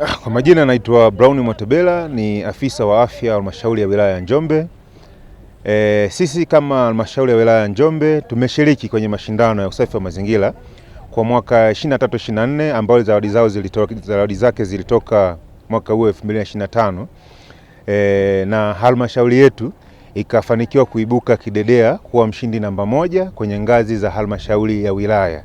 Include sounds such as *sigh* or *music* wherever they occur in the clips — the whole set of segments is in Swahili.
Ah, kwa majina naitwa Brown Mwatebela, ni afisa wa afya halmashauri ya wilaya ya Njombe. E, sisi kama halmashauri ya wilaya ya Njombe tumeshiriki kwenye mashindano ya usafi wa mazingira kwa mwaka 23 24 ambao zawadi zao zilitoka, zawadi zake zilitoka mwaka huo 2025. E, na halmashauri yetu ikafanikiwa kuibuka kidedea kuwa mshindi namba moja kwenye ngazi za halmashauri ya wilaya.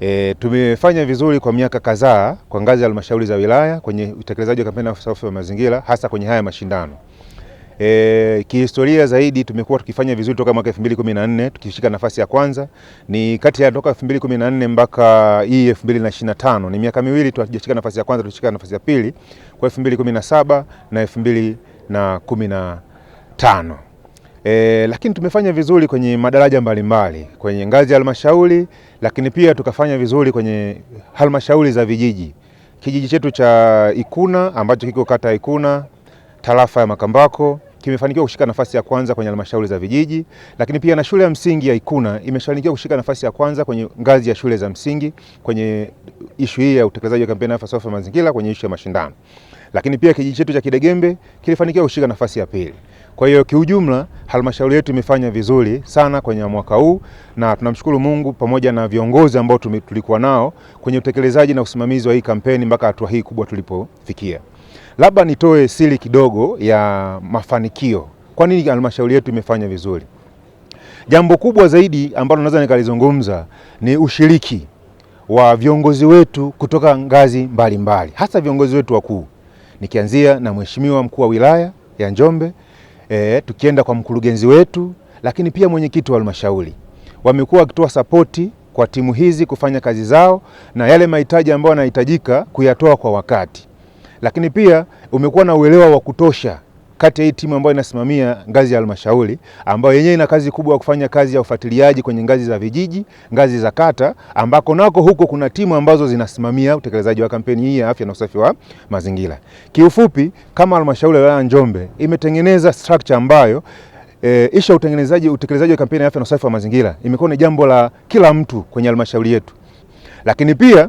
E, tumefanya vizuri kwa miaka kadhaa kwa ngazi ya halmashauri za wilaya kwenye utekelezaji wa kampeni ya usafi wa mazingira hasa kwenye haya mashindano. E, kihistoria zaidi tumekuwa tukifanya vizuri toka mwaka 2014 tukishika nafasi ya kwanza. Ni kati ya toka 2014 mpaka hii 2025 ni miaka miwili tu hatujashika nafasi ya kwanza, tulishika nafasi ya pili kwa 2017 na 2015. E, lakini tumefanya vizuri kwenye madaraja mbalimbali mbali, kwenye ngazi ya halmashauri lakini pia tukafanya vizuri kwenye halmashauri za vijiji. Kijiji chetu cha Ikuna ambacho kiko kata ya Ikuna tarafa ya Makambako kimefanikiwa kushika nafasi ya kwanza kwenye halmashauri za vijiji, lakini pia na shule ya msingi ya Ikuna imefanikiwa kushika nafasi ya kwanza kwenye ngazi ya shule za msingi kwenye ishu hii ya utekelezaji wa kampeni Afya Safi ya Mazingira kwenye ishu ya mashindano. Lakini pia kijiji chetu cha Kidegembe kilifanikiwa kushika nafasi ya pili. Kwa hiyo kiujumla, halmashauri yetu imefanya vizuri sana kwenye mwaka huu na tunamshukuru Mungu pamoja na viongozi ambao tulikuwa nao kwenye utekelezaji na usimamizi wa hii kampeni mpaka hatua hii kubwa tulipofikia. Labda nitoe siri kidogo ya mafanikio, kwa nini halmashauri yetu imefanya vizuri. Jambo kubwa zaidi ambalo naweza nikalizungumza ni ushiriki wa viongozi wetu kutoka ngazi mbalimbali mbali, hasa viongozi wetu wakuu nikianzia na Mheshimiwa mkuu wa wilaya ya Njombe e, tukienda kwa mkurugenzi wetu, lakini pia mwenyekiti wa halmashauri wamekuwa wakitoa sapoti kwa timu hizi kufanya kazi zao na yale mahitaji ambayo yanahitajika kuyatoa kwa wakati, lakini pia umekuwa na uelewa wa kutosha kati ya hii timu ambayo inasimamia ngazi ya halmashauri ambayo yenyewe ina kazi kubwa ya kufanya kazi ya ufuatiliaji kwenye ngazi za vijiji, ngazi za kata, ambako nako huko kuna timu ambazo zinasimamia utekelezaji wa kampeni hii ya afya na usafi wa mazingira. Kiufupi, kama halmashauri ya Njombe imetengeneza structure ambayo E, isha utengenezaji utekelezaji wa kampeni ya afya na usafi wa mazingira imekuwa ni jambo la kila mtu kwenye halmashauri yetu, lakini pia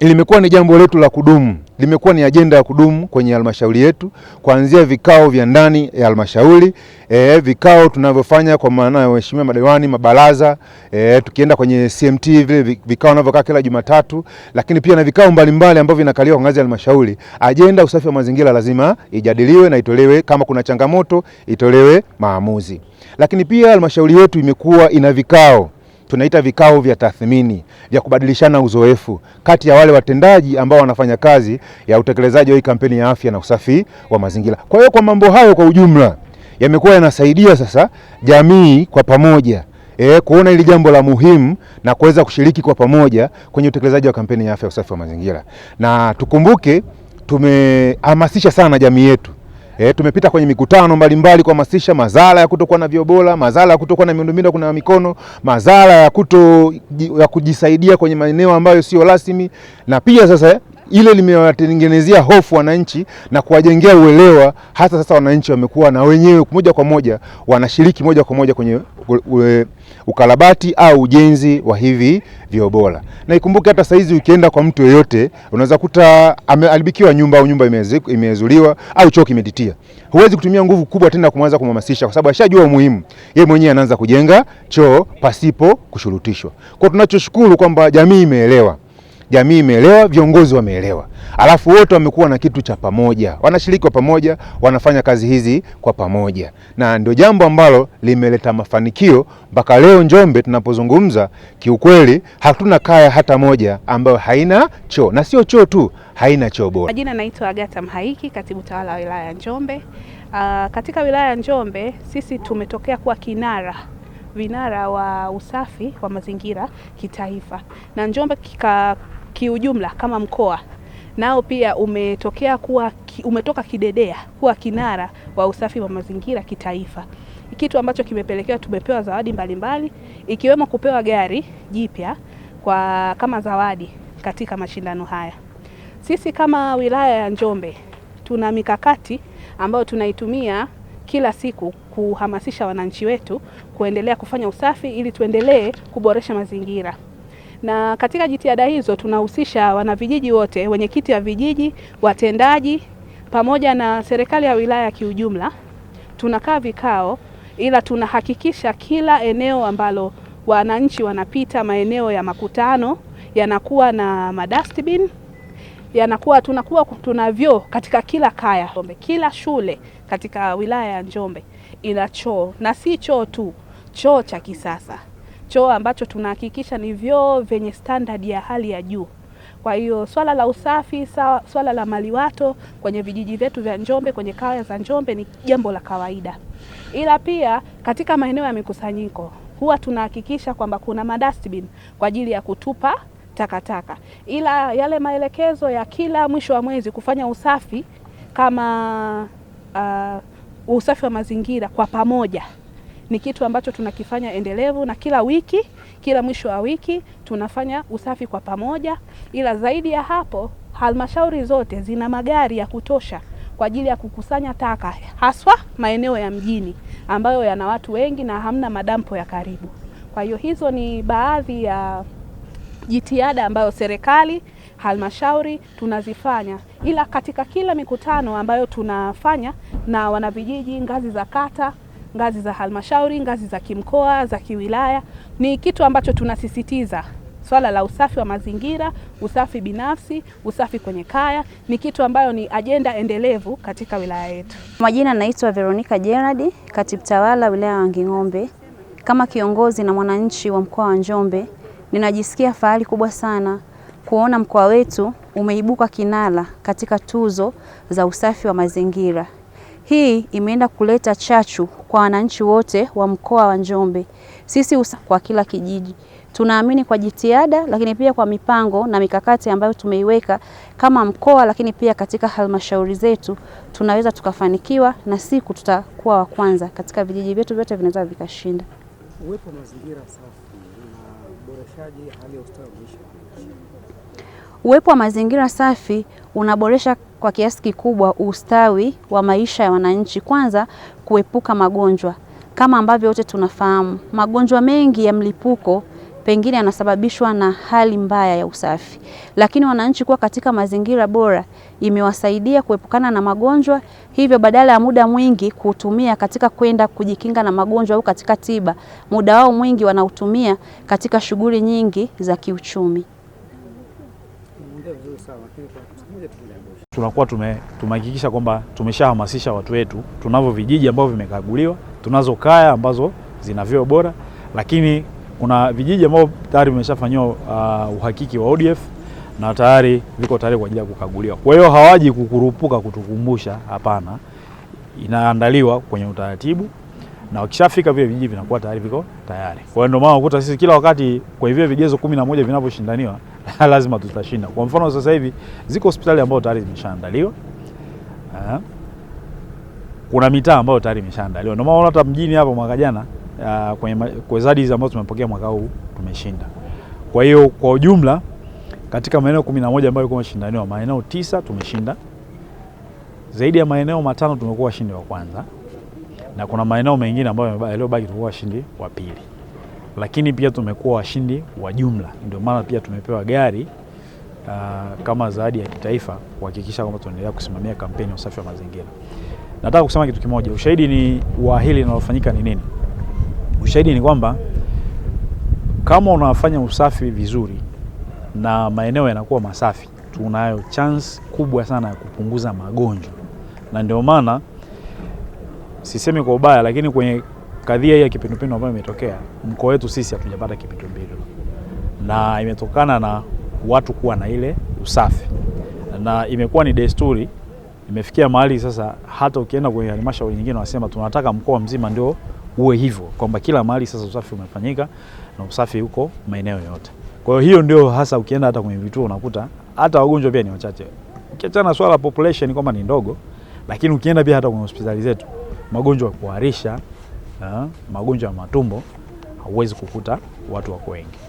limekuwa ni jambo letu la kudumu limekuwa ni ajenda ya kudumu kwenye halmashauri yetu, kuanzia vikao vya ndani ya halmashauri e, vikao tunavyofanya kwa maana ya waheshimiwa madiwani, mabaraza e, tukienda kwenye CMT vile vikao vinavyokaa kila Jumatatu, lakini pia na vikao mbalimbali ambavyo vinakaliwa kwa ngazi ya halmashauri. Ajenda usafi wa mazingira lazima ijadiliwe na itolewe, kama kuna changamoto itolewe maamuzi. Lakini pia halmashauri yetu imekuwa ina vikao tunaita vikao vya tathmini vya kubadilishana uzoefu kati ya wale watendaji ambao wanafanya kazi ya utekelezaji wa hii kampeni ya afya na usafi wa mazingira. Kwa hiyo kwa mambo hayo kwa ujumla yamekuwa yanasaidia sasa jamii kwa pamoja E, kuona hili jambo la muhimu na kuweza kushiriki kwa pamoja kwenye utekelezaji wa kampeni ya afya usafi wa mazingira. Na tukumbuke tumehamasisha sana jamii yetu E, tumepita kwenye mikutano mbalimbali kuhamasisha madhara ya kutokuwa na vyoo madhara ya kutokuwa na miundombinu kuna mikono, madhara ya kuto ya kujisaidia kwenye maeneo ambayo sio rasmi, na pia sasa ile limewatengenezea hofu wananchi na kuwajengea uelewa. Hata sasa wananchi wamekuwa na wenyewe moja kwa moja wanashiriki moja kwa moja kwenye ukarabati au ujenzi wa hivi vyobora bora. Na ikumbuke hata saizi ukienda kwa mtu yeyote unaweza kuta amealibikiwa nyumba au nyumba imeezuliwa au choo kimetitia, huwezi kutumia nguvu kubwa tena kumwanza kumhamasisha, kwa sababu ashajua umuhimu, yeye mwenyewe anaanza kujenga choo pasipo kushurutishwa. Kwa tunachoshukuru kwamba jamii imeelewa jamii imeelewa, viongozi wameelewa, alafu wote wamekuwa na kitu cha pamoja, wanashiriki kwa pamoja, wanafanya kazi hizi kwa pamoja, na ndio jambo ambalo limeleta mafanikio mpaka leo. Njombe tunapozungumza, kiukweli hatuna kaya hata moja ambayo haina choo, na sio choo tu, haina choo bora. Majina naitwa Agata Mhaiki, katibu tawala wa wilaya ya Njombe. Uh, katika wilaya ya Njombe sisi tumetokea kuwa kinara vinara wa usafi wa mazingira kitaifa na Njombe kika kiujumla kama mkoa nao pia umetokea kuwa umetoka kidedea kuwa kinara wa usafi wa mazingira kitaifa, kitu ambacho kimepelekea tumepewa zawadi mbalimbali mbali, ikiwemo kupewa gari jipya kwa kama zawadi katika mashindano haya. Sisi kama wilaya ya Njombe tuna mikakati ambayo tunaitumia kila siku kuhamasisha wananchi wetu kuendelea kufanya usafi ili tuendelee kuboresha mazingira na katika jitihada hizo tunahusisha wanavijiji wote, wenyekiti wa vijiji, watendaji pamoja na serikali ya wilaya kiujumla. Tunakaa vikao, ila tunahakikisha kila eneo ambalo wananchi wanapita, maeneo ya makutano yanakuwa na madustbin yanakuwa tunakuwa tuna vyoo katika kila kaya Njombe. Kila shule katika wilaya ya Njombe ina choo na si choo tu, choo cha kisasa choo ambacho tunahakikisha ni vyoo vyenye standard ya hali ya juu. Kwa hiyo swala la usafi sawa, swala la maliwato kwenye vijiji vyetu vya Njombe, kwenye kaya za Njombe ni jambo la kawaida, ila pia katika maeneo ya mikusanyiko huwa tunahakikisha kwamba kuna madustbin kwa ajili ya kutupa takataka, ila yale maelekezo ya kila mwisho wa mwezi kufanya usafi kama uh, usafi wa mazingira kwa pamoja ni kitu ambacho tunakifanya endelevu, na kila wiki, kila mwisho wa wiki tunafanya usafi kwa pamoja. Ila zaidi ya hapo, halmashauri zote zina magari ya kutosha kwa ajili ya kukusanya taka, haswa maeneo ya mjini ambayo yana watu wengi na hamna madampo ya karibu. Kwa hiyo hizo ni baadhi ya jitihada ambayo serikali halmashauri tunazifanya, ila katika kila mikutano ambayo tunafanya na wanavijiji ngazi za kata ngazi za halmashauri, ngazi za kimkoa, za kiwilaya. Ni kitu ambacho tunasisitiza swala la usafi wa mazingira, usafi binafsi, usafi kwenye kaya ni kitu ambayo ni ajenda endelevu katika wilaya yetu. Majina naitwa Veronica Gerard, katibu tawala wilaya ya Wanging'ombe. Kama kiongozi na mwananchi wa mkoa wa Njombe, ninajisikia fahari kubwa sana kuona mkoa wetu umeibuka kinara katika tuzo za usafi wa mazingira. Hii imeenda kuleta chachu kwa wananchi wote wa mkoa wa Njombe, sisi kwa kila kijiji. Tunaamini kwa jitihada, lakini pia kwa mipango na mikakati ambayo tumeiweka kama mkoa, lakini pia katika halmashauri zetu tunaweza tukafanikiwa, na siku tutakuwa wa kwanza katika vijiji vyetu vyote, vinaweza vikashinda. Uwepo mazingira safi na uboreshaji hali ya ustawi wa maisha. Uwepo wa mazingira safi unaboresha kwa kiasi kikubwa ustawi wa maisha ya wananchi. Kwanza, kuepuka magonjwa. Kama ambavyo wote tunafahamu, magonjwa mengi ya mlipuko pengine yanasababishwa na hali mbaya ya usafi, lakini wananchi kuwa katika mazingira bora imewasaidia kuepukana na magonjwa. Hivyo badala ya muda mwingi kuutumia katika kwenda kujikinga na magonjwa au katika tiba, muda wao mwingi wanautumia katika shughuli nyingi za kiuchumi tunakuwa tumehakikisha kwamba tumeshahamasisha watu wetu. Tunavyo vijiji ambavyo vimekaguliwa, tunazo kaya ambazo zina vyoo bora, lakini kuna vijiji ambavyo tayari vimeshafanyiwa uh, uhakiki wa ODF na tayari viko tayari kwa ajili ya kukaguliwa. Kwa hiyo hawaji kukurupuka kutukumbusha, hapana, inaandaliwa kwenye utaratibu na wakishafika vile vijiji vinakuwa tayari viko tayari. Kwa hiyo ndio maana ukuta sisi kila wakati kwa hivyo vigezo kumi na moja vinavyoshindaniwa *laughs* lazima tutashinda. Kwa mfano sasa hivi ziko hospitali ambazo tayari zimeshaandaliwa, kuna mitaa ambayo tayari imeshaandaliwa. Ndio maana hata mjini hapo mwaka jana ah, kwenye kwezadi hizi ambazo tumepokea mwaka huu tumeshinda. Kwa hiyo kwa ujumla katika maeneo kumi na moja ambayo yalikuwa maeneo tisa tumeshinda, zaidi ya maeneo matano tumekuwa washindi wa kwanza, na kuna maeneo mengine ambayo yaliyobaki tumekuwa washindi wa pili lakini pia tumekuwa washindi wa jumla, ndio maana pia tumepewa gari uh, kama zawadi ya kitaifa kuhakikisha kwamba tunaendelea kusimamia kampeni ya usafi wa mazingira. Nataka kusema kitu kimoja, ushahidi ni wa hili linalofanyika ni nini? Ushahidi ni kwamba kama unafanya usafi vizuri na maeneo yanakuwa masafi, tunayo chance kubwa sana ya kupunguza magonjwa, na ndio maana sisemi kwa ubaya, lakini kwenye kadhia hii ya kipindupindu ambayo imetokea mkoa wetu sisi hatujapata kipindupindu, na imetokana na watu kuwa na ile usafi, na imekuwa ni desturi. Imefikia mahali sasa, hata ukienda kwenye halmashauri nyingine wanasema tunataka mkoa mzima ndio uwe hivyo, kwamba kila mahali sasa usafi umefanyika na usafi uko maeneo yote. Kwa hiyo ndio hasa, ukienda hata kwenye vituo unakuta hata wagonjwa pia ni wachache, ukiachana swala population kwamba ni ndogo, lakini ukienda pia hata kwenye hospitali zetu magonjwa ya kuharisha Ah, magonjwa ya matumbo hauwezi kukuta watu wako wengi.